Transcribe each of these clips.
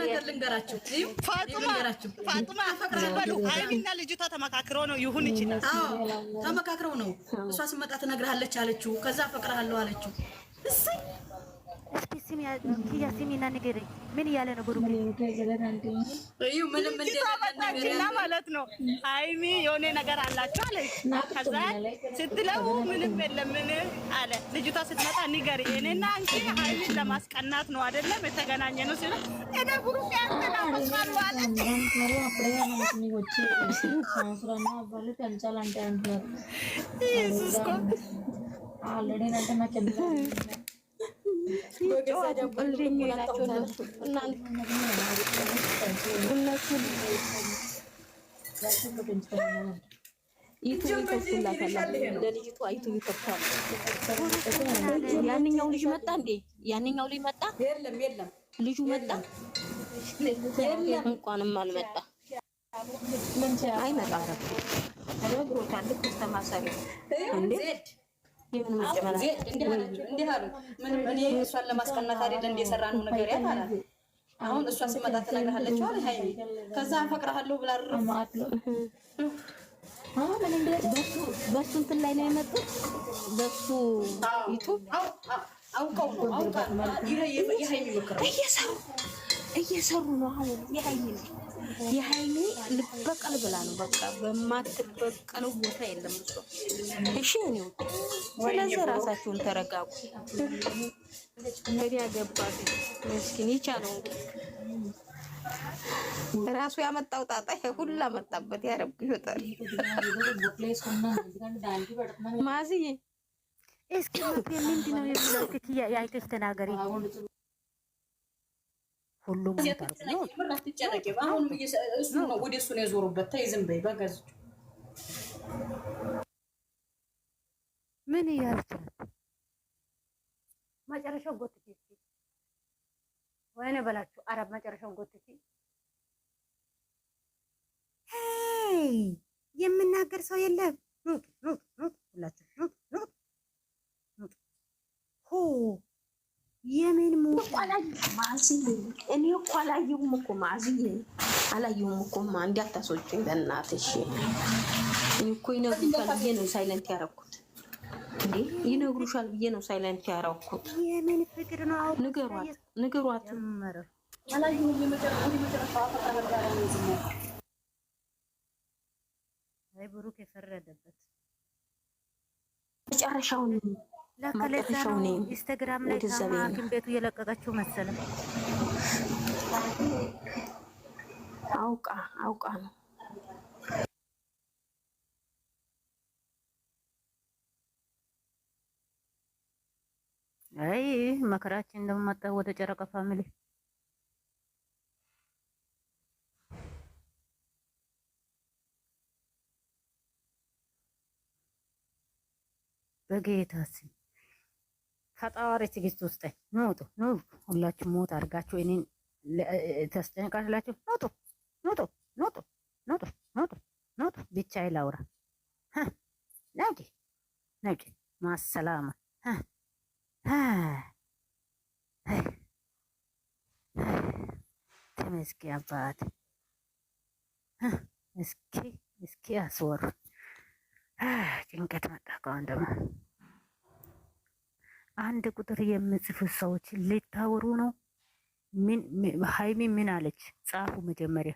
ነገር ልንገራችሁ፣ ፋጡማ ልጅቷ ተመካክረው ነው ይሁን ይችላል። ተመካክረው ነው እሷ ስመጣ ትነግርሃለች አለችው። ከዛ አፈቅርሃለሁ አለችው። እስኪ ሲሚና ንገረኝ፣ ምን እያለ ነው ብሩኬ? ምንም ማለት ነው። ሃይሚ የሆነ ነገር አላችሁ አለች። ከዛ ስትለው ምንም የለም ምን አለ ልጅቷ ስትመጣ ንገሪ፣ እኔና አንቺ ሃይሚን ለማስቀናት ነው አይደለም የተገናኘ ነው ሲለው እኔ ብሩኬ ያስተናመስማል ማለት እነሱ። እነሱን ዩቱብ ይከፍቱላታል፣ ለልጅቷ ዩቱብ ያንኛው ልጅ መጣ እንዴ? ያንኛው ልጅ መጣ? ልጁ መጣ? እንኳንም አልመጣ። አይመጣ የምን መጨመሪያ እንዲህ አሉ። ምንም እኔ እሷን ለማስቀናት አይደል እንደሰራን ነው ነገር ያታላል። አሁን እሷ ሲመጣ ትነግርሃለች አለ ሃይሚ። ከዛ አፈቅርሃለሁ ብላ በሱ እንትን ላይ ነው የመጡት። በሱ ዩቱብ አውቀው ነው አውቀው ነው እየሰሩ እየሰሩ ነው አሁን የሃይሚ ነው የሀይሚ ልበቀል ብላ ነው። በቃ በማትበቀለው ቦታ የለም እሱ። እሺ ነው። ስለዚህ ራሳችሁን ተረጋጉ። እንግዲህ ያገባት መስኪን ይቻለው ራሱ ያመጣው ጣጣ ሁሉ አመጣበት። ያረብ ይወጣል። ማዝዬ እስኪ ምንድነው የሚለው? ትክያ ያይተሽ ተናገሪ። ሁሉም ወደ እሱ ነው የዞሩበት። ተይ ዝም በይ በገዙ ምን እያለች መጨረሻው ጎትቲ ወይኔ በላችሁ አረብ መጨረሻውን ጎትቲ። የምናገር ሰው የለም። ኑጥ ኑጥ ኑጥ ሁላችሁ ኑጥ ኑጥ ኑጥ ሁ የምን እኔ እኮ አላየሁም እኮ ማዝዬ አላየሁም እኮ ማ እንዲያታሶጭኝ በእናትሽ። እኔ እኮ ይነግሩሻል ብዬ ነው ሳይለንት ያረኩት። እንዴ ይነግሩሻል ብዬ ነው ሳይለንት ያረኩት። የምን ፍቅር ነው? ንገሯት፣ ንገሯት። ብሩክ የፈረደበት መጨረሻውን ለከለዛው ኢንስታግራም ላይ ታማቲም ቤቱ አውቃ አውቃ ነው። አይ መከራችን ወደ ጨረቃ ፋሚሊ በጌታ ስም ከጣዋሪ ትግስት ውስጥ ኑጡ ኑ ሁላችሁ ሞት አድርጋችሁ እኔን ተስጨንቃላችሁ። ኑጡ ኑጡ ኑጡ ኑጡ ኑጡ ኑጡ። ብቻ ይላውራ ነውዲ ነውዲ ማሰላማ ተመስኪ አባት እስኪ እስኪ አስወሩ ጭንቀት መጣ ከአሁን አንድ ቁጥር የምጽፉ ሰዎች ሊታወሩ ነው። ምን ሀይሚ ምን አለች? ጻፉ መጀመሪያ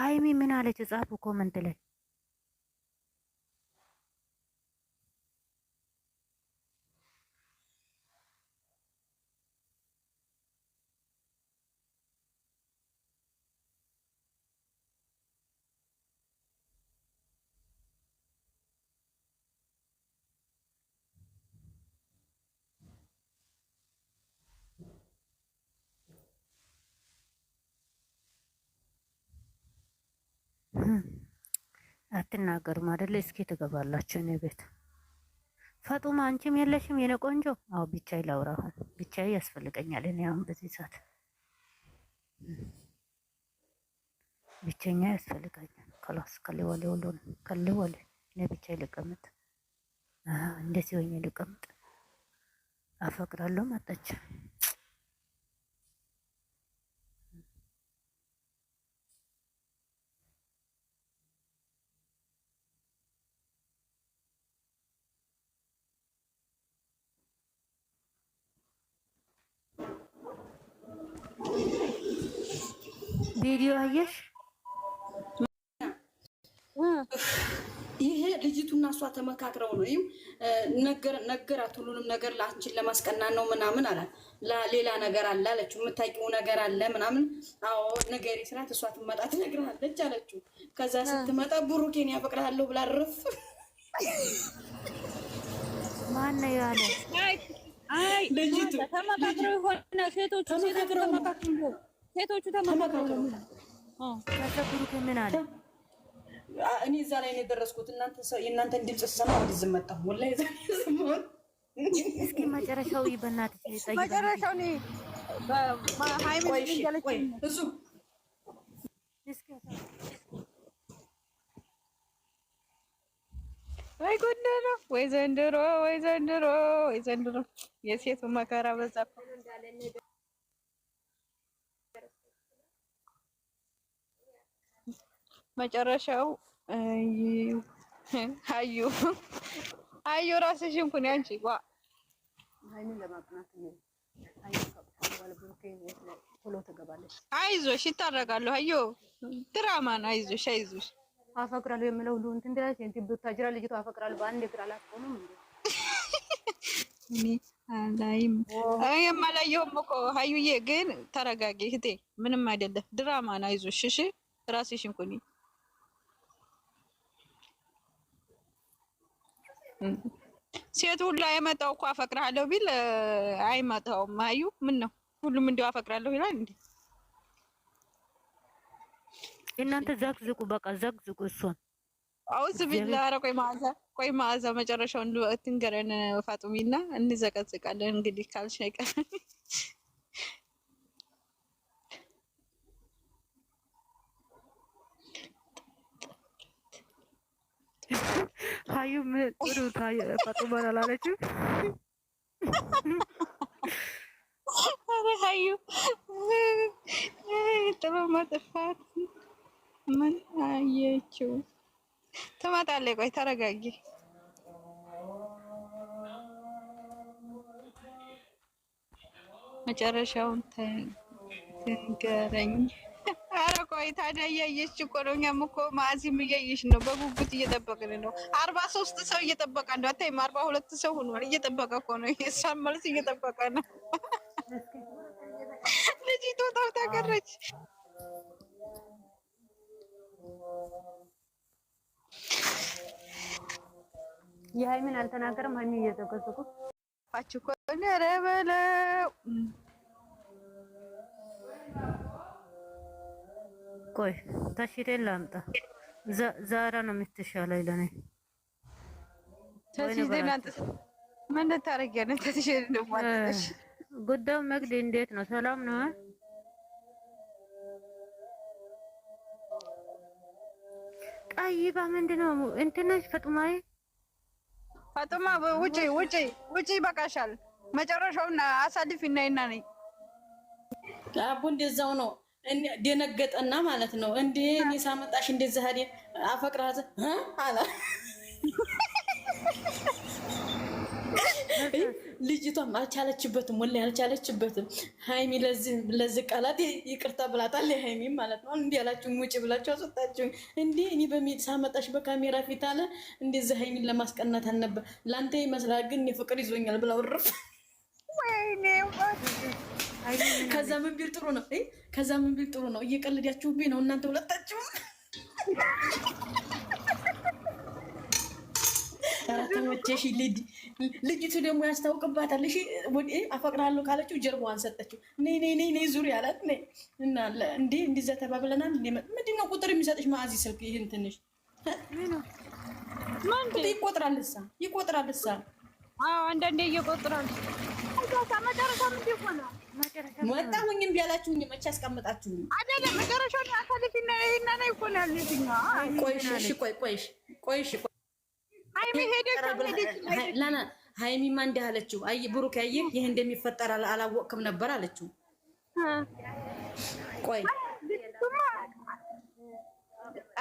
ሀይሚ ምን አለች? ጻፉ ኮመንት ላይ አትናገሩም አይደለ? እስኪ ትገባላችሁ እኔ ቤት። ፈጡማ አንቺም የለሽም የኔ ቆንጆ? አዎ ብቻዬ ላውራ። አሁን ብቻዬ ያስፈልገኛል። እኔ አሁን በዚህ ሰዓት ብቸኛ ያስፈልገኛል። ከላስ ከሌዋሌ ወሎን ከሌዋሌ እኔ ብቻዬ ልቀመጥ፣ እንደዚህ ወኛ ልቀመጥ። አፈቅራለሁ መጣች ቪዲዮ አየሽ? ይሄ ልጅቱና እሷ ተመካክረው ነው። ይህም ነገራት፣ ሁሉንም ነገር ለአንቺን ለማስቀናት ነው ምናምን አላት። ሌላ ነገር አለ አለችው። የምታውቂው ነገር አለ ምናምን። አዎ ነገሬ ስላት እሷ ትመጣ ትነግርሃለች አለችው። ከዛ ስትመጣ ብሩኬን ያፈቅርሃለሁ ብላ ረፍ ማነው ያለ ልጅቱ ተመካክረው ይሆናል ሴቶቹ ተመካክረው ሴቶቹ ተመካከሩ። ምን አለ? እኔ እዛ ላይ ነው የደረስኩት። የእናንተን ድምፅ ስሰማ ወደ ዝም መጣሁ። ወላሂ እስኪ መጨረሻው በእናትሽ መጨረሻው ወይ ጎንደሮ ወይ ዘንድሮ ወይ ዘንድሮ ወይ ዘንድሮ የሴቱ መከራ በዛ መጨረሻው አዩ አዩ ራስሽ እንኩን ያንቺ ዋ አይዞሽ፣ ይታረጋሉ አዩ ድራማ ነው። አይዞሽ አይዞሽ አፈቅራለሁ የምለው ሁሉ እንትን ትላለች። እንት ብታጅራ ልጅቷ አፈቅራለሁ በአንድ እግር አላቆምም እንዴ? እኔ አላይም እኮ ሀዩዬ፣ ግን ተረጋጊ እህቴ፣ ምንም አይደለም። ድራማ ነው። አይዞሽ እሺ፣ ራስሽን ኩኒ ሴት ሁሉ አይመጣው እኮ አፈቅራለሁ ቢል አይመጣውም። አዩ ምን ነው ሁሉም እንዲሁ አፈቅራለሁ ይላል እንዴ? እናንተ ዘግዝቁ፣ በቃ ዘግዝቁ። እሷን አውዝ ቢል ኧረ ቆይ መዓዛ፣ ቆይ መዓዛ መጨረሻውን ትንገረን ፋጡሚና፣ እንዘቀዝቃለን እንግዲህ ካልሽ አይቀር ታዩ ጥሩ ታዩ ፈጡመን አላለችም። አረ ሀዩ ጥሩ መጥፋት ምን አየችው? ትመጣለች። ቆይ ተረጋጊ። መጨረሻውን ትንገረኝ። ቆይ ታዲያ እያየች እኮ ነው። እኛም እኮ ማዚም እያየች ነው፣ በጉጉት እየጠበቅን ነው። አርባ ሶስት ሰው እየጠበቀ ነው። አታይም? አርባ ሁለት ሰው ሆኗል። እየጠበቀ እኮ ነው። የእሷን መልስ እየጠበቀ ነው። ልጅቷ ታውታ ቀረች። የሀይሚን አልተናገርም። ሀይሚን እየዘገዘጉ ፋች እኮ ቆይ ታሽሬ ላምጣ። ዛራ ነው የምትሻለው ይለኔ ምን ነው ጉዳዩ መግድ እንዴት ነው? ሰላም ነው? ጠይባ ምንድን ነው እንትነሽ? ፈጡማዬ ፈጡማ ውጪ ውጪ ውጪ፣ ይበቃሻል። መጨረሻውን አሳልፊ እና ይና ነኝ አቡ እንደዛው ነው ደነገጠና ማለት ነው። እንዴ እኔ ሳመጣሽ እንደዛ ሀዲ አፈቅራዘ አላ ልጅቷም አልቻለችበትም፣ ወላሂ አልቻለችበትም። ሀይሚ ለዚህ ቃላት ይቅርታ ብላታል። ሀይሚ ማለት ነው። እንዲህ ያላችሁ ውጭ ብላችሁ አስወጣችሁ። እንዲ እኔ በሚል ሳመጣሽ በካሜራ ፊት አለ እንደዚህ ሀይሚን ለማስቀናት አልነበር፣ ለአንተ ይመስላል ግን ፍቅር ይዞኛል ብላ ውርፍ ወይኔ ከዛ ምን ቢል ጥሩ ነው፣ ከዛ ምን ቢል ጥሩ ነው። እየቀለዳችሁብኝ ነው እናንተ ሁለታችሁም። ተመቸሽ። ልጅቱ ደግሞ ያስታውቅባታል። እሺ አፈቅራለሁ ካለችው ጀርባዋን ሰጠችው። ነይ ነይ ነይ ነይ ዙሪ አላት። ነይ እናለ እንዴ እንዲዛ ተባብለናል። ምንድን ነው ቁጥር የሚሰጥሽ ማዚ ስልክ? ይህን ትንሽ ይቆጥራል። እሳ ይቆጥራል። እሳ አንዳንዴ እየቆጥራል። መጨረሻ ምንድ ሆነ? ወጣሁኝም ቢያላችሁኝ መቼ ያስቀምጣችሁኝ አይደለ? መጨረሻ አሳልፊና ይሄና ነው ይኮናል። እሺ፣ ቆይ ሃይሚ ሄደች ለና ሃይሚማ እንዲህ አለችው። አይ ብሩክ አይ ይሄ እንደሚፈጠር አላወቅክም ነበር አለችው። ቆይ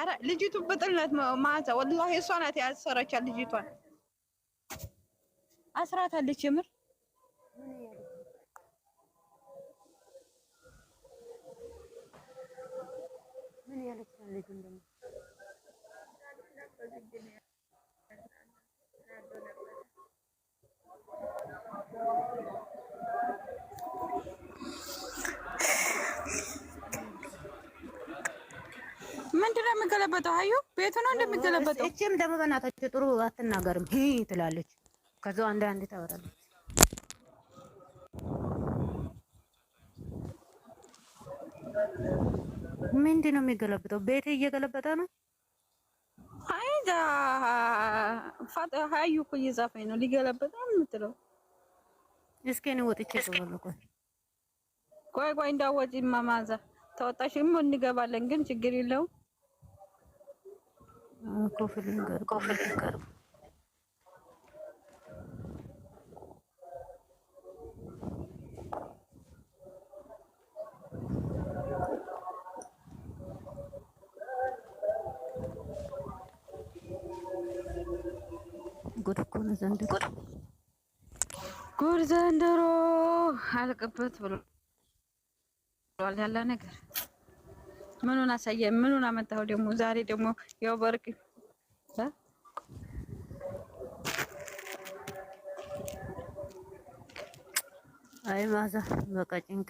አረ ልጅቱ በጥልነት ማታ ወላሂ እሷ ናት ያሰረቻት ልጅቷን አስራታለች። የምር ምንድነው የሚገለበጠው? ሀዩ ቤቱ ነው እንደሚገለበጠው። እችም ደግሞ በእናታቸው ጥሩ አትናገርም ትላለች። ከዛ አንድ አንድ ታወራለች። ምንድን ነው የሚገለብጠው? ቤት እየገለበጠ ነው። አይዳ ፋጥ ሀዩ እኮ እየዛፈኝ ነው። ሊገለበጠ የምትለው እስኪ እኔ ወጥቼ እገባለሁ። ቆይ ቆይ ቆይ እንዳወጪ ማማዛ ተወጣሽ ም እንገባለን። ግን ችግር የለውም ኮፍልን ጋር ጉድ እኮ ነው ዘንድሮ። ጉድ ጉድ ዘንድሮ አልቅበት ብሏል ያለ ነገር ምኑን አሳየ? ምኑን አመጣው ደግሞ ዛሬ ደግሞ ያው በርቅ አይ ማዛ በቃ ጭንቅ